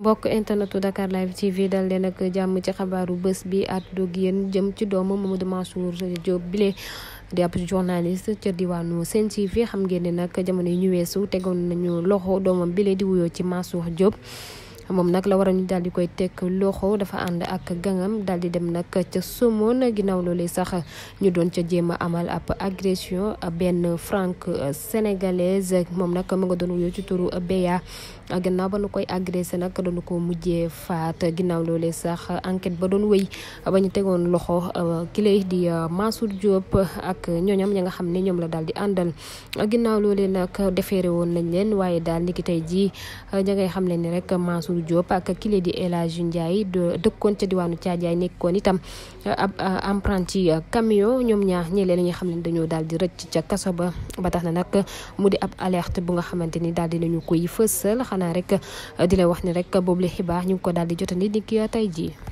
mbokk internetu Dakar Live TV dal leen ak jàmm ci xabaaru bés bi at dog yéen jëm ci doomam doomu Mamadou Mansour Diop bile di ab journaliste ca diwaanu Sen TV xam ngeen ne nag jamono yi ñu weesu tegoon nañu loxo doomam bile di wuyoo ci Mansour Diop. moom nag la war a ñu daal di koy teg loxo dafa ànd ak gangam daal di dem nag ca Somone ginnaaw loolee sax ñu doon ca jéem a amal ab agression benn franc sénégalaise moom nag mu nga doon wuyoo ci turu Beya gannaaw ba nu koy agressé nak doon ko mujjee faat ginnaaw loolee sax enquête ba doon wéy ba ñu tegoon loxo euh, kilé di euh, Mansour Diop ak ñooñam ña nga xam ne ñoom la daal di àndal ginnaaw loolee nag defeere woon nañ leen waaye daal niki tey jii euh, ña ngay xam Modou Diop ak kile di El Hadji Ndiaye dëkkoon ca diwaanu Thiadiaye nekkoon itam eh, ab apprenti eh, eh, camion ñoom ñaar ñi leen xam ne dañoo daal di rëcc ca kaso ba ba tax na nag mu di ab alerte bu nga xamante ni daal di nañu koy fësal xanaa rek di la wax ni rek boobu la xibaar ñu ngi ko daal di ni ki tey jii.